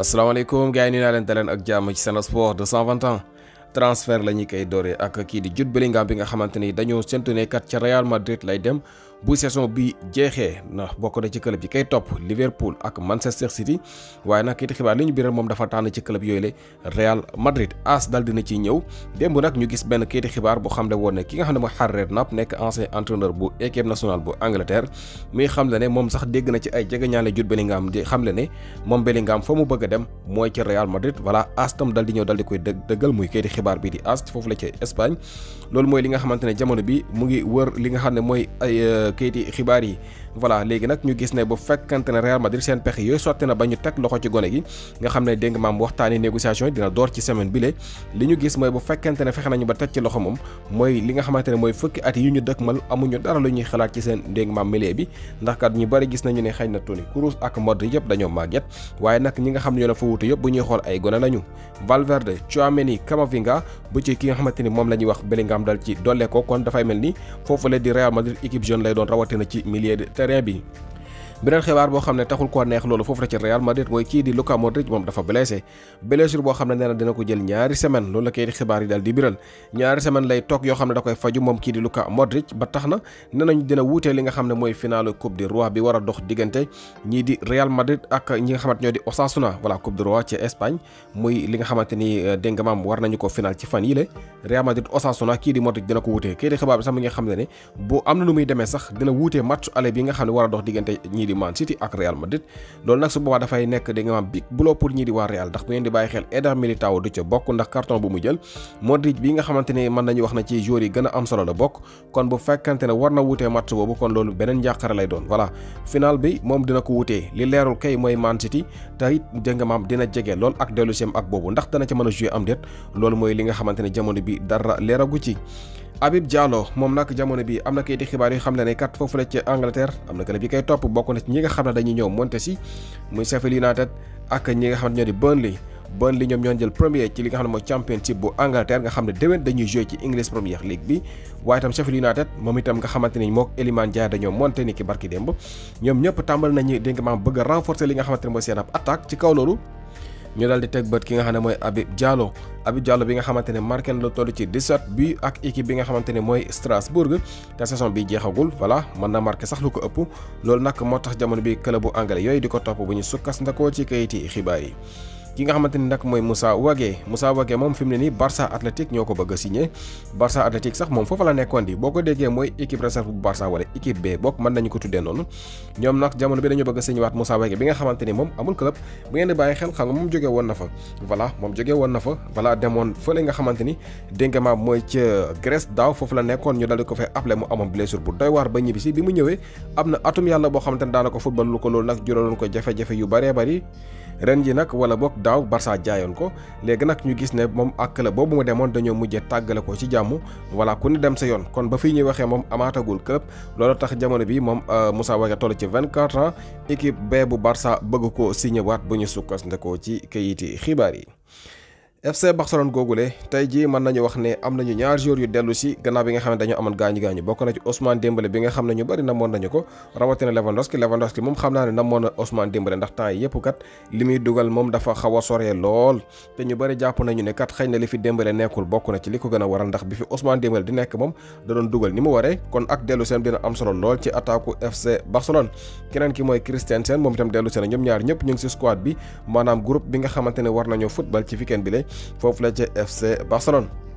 asalaamaaleykum gaa yi nuyu naa leen daleen ak jàmm ci Sen Sport 221 transfert la ñu koy dooree ak kii di Jude Bellingham bi nga xamante ni dañoo séntu ne kat ca Real Madrid lay dem. bu saison bi jeexee na bokk na ci club yi kay topp Liverpool ak Manchester City waaye nag kayiti xibaar li ñu biral moom dafa tànn ci club yooyu la Real Madrid as dal dina ciy ñëw démb nag ñu gis benn kayiti xibaar bu xam ne woon ne ki nga xam ne mooy Harry Redknapp nekk ancien entraîneur bu équipe moom na ay jegeñaale Jude Bellingham di xam le ne moom Bellingham fa mu bëgg a dem mooy ci Real Madrid voilà as tam dal di ñëw dal di koy bi di as la ci li nga xamante ne jamono bi mu ngi wër li nga xam ne mooy ay euh, kayiti xibaar yi voilà léegi nag ñu gis ne bu fekkante ne Real Madrid seen pexe yooyu sotti na ba ñu teg loxo ci gone gi nga xam ne dégg maam waxtaani négociation dina door ci semaine bi li ñu gis mooy bu fekkante ne fexe nañu ba teg ci loxo moom mooy li nga xamante ne mooy fukki at yi ñu dëkkmal amuñu dara lu ñuy xalaat ci seen dégg maam milieu bi ndax kat ñu bari gis nañu ne xëy na Toni Kroos ak Modric yëpp dañoo màgget waaye nag ñi la fa wuute doon na ci milieu de terrain bi beneen xibaar boo xam ne taxul ko neex loolu foofu la ci Real Madrid mooy kii di Luka Modric moom dafa blessé blessure boo xam ne nee na dina ko jël ñaari semaine loolu la kayit xibaar yi daal di biral ñaari semaine lay toog yoo xam ne da koy faju moom kii di Luka Modric ba tax na nee nañu dina wuutee li nga xam ne mooy finalu coupe du roi bi war dox diggante ñii di Real Madrid ak ñi nga xamante ñoo di Osasuna voilà coupe du roi ci Espagne muy euh, ko final ci fan yi la Real Madrid Osasuna a dox diggante di Man City ak Real Madrid loolu nag su boobaa dafay nekk di nga am big blow pour ñi di waa Real ndax bu ngeen di bàyyi xel Eder Militao du ca bokk ndax carton bu mu jël Modric bi nga xamante ne mën nañu wax na ci joueurs gën a am solo la bokk kon bu fekkante ne war na wutee match boobu kon loolu beneen njàqare lay doon voilà final bi moom dina ko wutee li leerul kay mooy Man City te it nga maam dina jege lool ak dellu ak boobu ndax dana a ñi nga xam ne dañu ñëw monte si muy Sheffield United ak ñi nga xam ne ñoo di Burnley Burnley ñoom ñoo jël premier ci li nga xam ne mooy championship bu Angleterre nga xam ne déwén dañuy joué ci English Premier League bi waaye itam Sheffield United moom itam nga xamante ni mook Iliman Ndiaye dañoo monté ni ki barki démb ñoom ñëpp tàmbal nañu dégg nga maam bëgg a li nga xamante ne mooy seen ab attaque ci kaw loolu ñu daldi teg bët ki nga xamne moy abib diallo abib diallo bi nga xamantene marken lo tollu ci 17 bi ak équipe bi nga xamantene moy strasbourg ta saison bi jeexagul voilà man na marqué sax lu ko ëpp lool nak motax jamono bi club bu anglais yoy diko top bu ñu sukkas ndako ci kayiti xibaar yi ki nga xamante ni nag mooy musa Wagué Moussa Wagué moom fi mu ne nii Barça Athletic ñoo ko bëgg a signé Barça Athletic sax moom foofa la nekkoon di boo ko déggee mooy équipe réserve bu Barça wala équipe B bokk mën nañu ko tuddee noonu ñoom nag jamono bi dañoo bëgg a signé waat Moussa Wagué bi nga xamante ni moom amul club bu ngeen di bàyyi xel xam nga moom jógee woon na fa voilà moom jógee woon na fa fële nga xamante ni dégg ma mooy ca Grèce daaw foofu la nekkoon ñu daldi ko fay appelé mu amoon blessure bu doy waar ba ñibbisi bi mu ñëwee am na atum yàlla boo xamante ni daana ko football lu ko loolu nag juróoloon ko jafe yu baree bari ren ji nag wala boog daaw Barça jaayoon ko léegi nag ñu gis ne moom ak club boobu mu demoon dañoo mujjee tàggale ko ci jàmm wala ku ne dem sa yoon kon ba fii ñuy waxee moom amaatagul club loolu tax jamono bi moom euh, Moussa Wagué toll ci 24 ans équipe B bu barsa bëgg ko signé waat bu ñu sukkandikoo ci kayiti xibaar yi FC Barcelone googule tey jii mën nañu wax ne am nañu ñaar joueurs yu dellu si gannaaw bi nga xam ne dañoo amoon gaañu gaañu bokk na ci Ousmane Dembélé bi nga xam ne ñu bëri namoon nañu ko rawatina Lewandowski Lewandowski moom xam naa ne namoon na Ousmane Dembélé ndax temps yi yëpp kat li muy dugal moom dafa xaw a sore lool te ñu bëri jàpp nañu ne kat xëy na li fi Dembélé nekkul bokk na ci li ko gën a waral ndax bi fi Ousmane Dembélé di nekk moom da doon dugal ni mu waree kon ak am solo lool ci attaque FC Barcelone keneen ki mooy Christensen moom itam dellu seen ñoom ñaar ñëpp ñu ngi si squad bi maanaam groupe bi nga xamante ne war nañoo football foofu la ca FC Barcelone